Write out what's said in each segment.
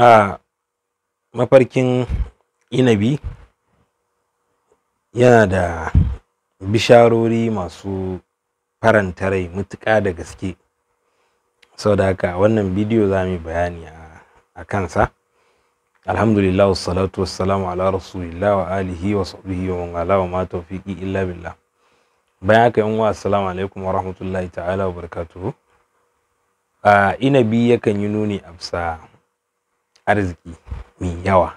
a mafarkin inabi yana da bisharori masu faranta rai matuƙa da gaske Sau da haka wannan bidiyo za mu yi bayani a kansa alhamdulillah wassalatu wassalamu ala rasulillah wa alihi wa sahbihi wa mangala wala wa ma tawfiqi illa billah bayan haka yi uwa assalamu alaikum wa rahmatullahi ta'ala wa barakatuhu a inabi yakan yi nuni a bisa arziki mai yawa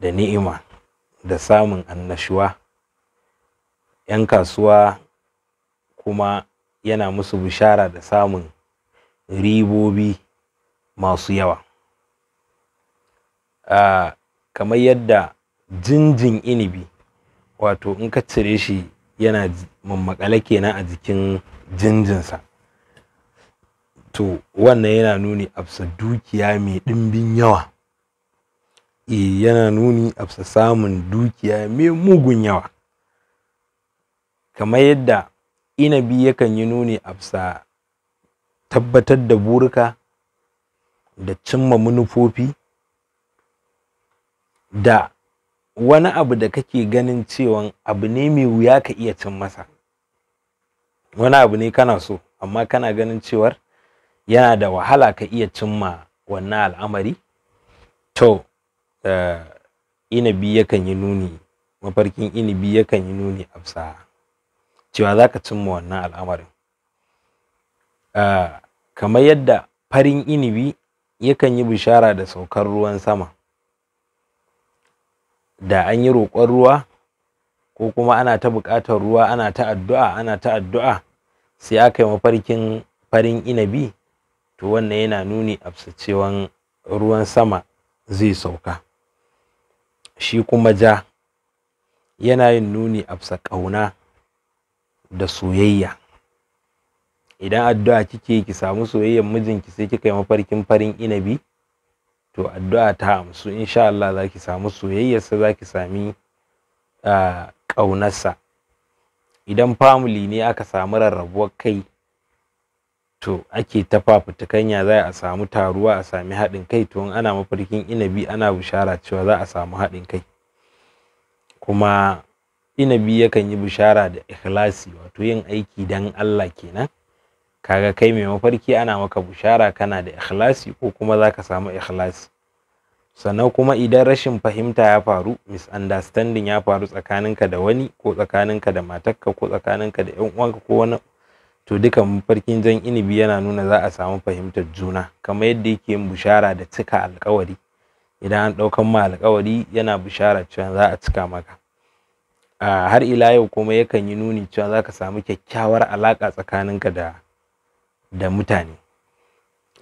da ni'ima da samun annashuwa ‘yan kasuwa kuma yana musu bishara da samun ribobi masu yawa uh, kamar yadda jinjin inibi wato in ka cire shi yana mammakale kenan a jikin jinjinsa to wannan yana nuni absa dukiya mai ɗimbin yawa e yana nuni absa samun dukiya mai mugun yawa kamar yadda inabi yakan yi nuni absa tabbatar da burika da cimma manufofi da wani abu da kake ganin cewa abu ne mai wuya ka iya cin masa wani abu ne kana so amma kana ganin cewar yana da wahala ka iya cimma wannan al'amari to uh, inabi yakan yi nuni mafarkin inabi yakan yi nuni afsa cewa za ka cimma wannan al'amarin uh, kamar yadda farin inabi yakan yi bishara da saukar ruwan sama da an yi roƙon ruwa ko kuma ana ta buƙatar ruwa ana ta addu'a ana ta addu'a sai aka yi mafarkin farin inabi to wannan yana nuni a ruwan sama zai sauka shi kuma ja yana yin nuni a ƙauna da soyayya idan addu'a kike ki samu soyayyan mijinki sai kika yi mafarkin farin inabi to addu'a ta amsu insha Allah za ki samu soyayyarsa za ki sami ah, ƙaunarsa idan family ne aka samu rarrabuwar kai to ake ta fafutukan za a samu taruwa a sami haɗin kai to ana mafarkin inabi ana bishara cewa za a samu haɗin kai kuma inabi yakan yi bishara da ikhlasi wato yin aiki don Allah kenan kaga kai mai mafarki ana maka bishara kana da ikhlasi ko kuma za ka samu ikhlasi sannan kuma idan rashin fahimta ya faru misunderstanding ya faru tsakaninka da wani ko tsakaninka da matakka, ko tsakaninka da yan uwanka ko wani to duka mafarkin jan inibi yana nuna za a samu fahimtar juna kamar yadda yake yin bushara da cika alkawari idan an ɗaukan ma alkawari yana bushara cewa za a cika maka a har ila yau kuma yakan yi nuni cewa za ka samu kyakkyawar alaƙa tsakaninka da da mutane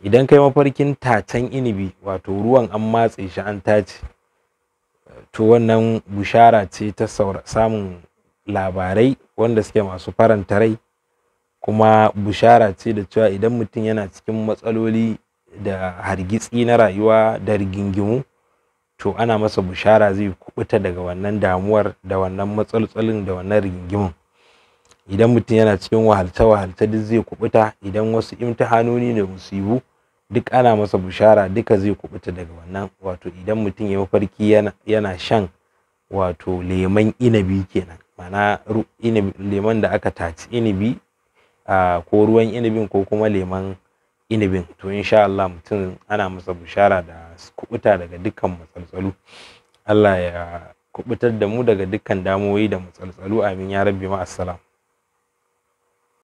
idan kai mafarkin tacen inibi wato ruwan an matse shi an tace to wannan bushara ce ta samun labarai wanda suke masu faranta rai kuma bushara ce da cewa idan mutum yana cikin matsaloli da hargitsi na rayuwa da rigingimu to ana masa bushara zai kubuta daga wannan damuwar da wannan matsalolin da wannan rigingimun idan mutum yana cikin wahalta wahalta duk zai kubuta idan wasu imtihanoni ne musibu duk ana masa bushara duka zai kubuta daga wannan wato idan mutum ya mafarki yana, yana shan wato leman inabi kenan mana leman da aka taci inabi ko ruwan inabin ko kuma lemon inabin to sha Allah mutum ana masa bushara da kubuta daga dukkan matsaltsalu Allah ya kubutar da mu daga dukkan damuwoyi da matsaltsalu amin ya rabbi ma assalam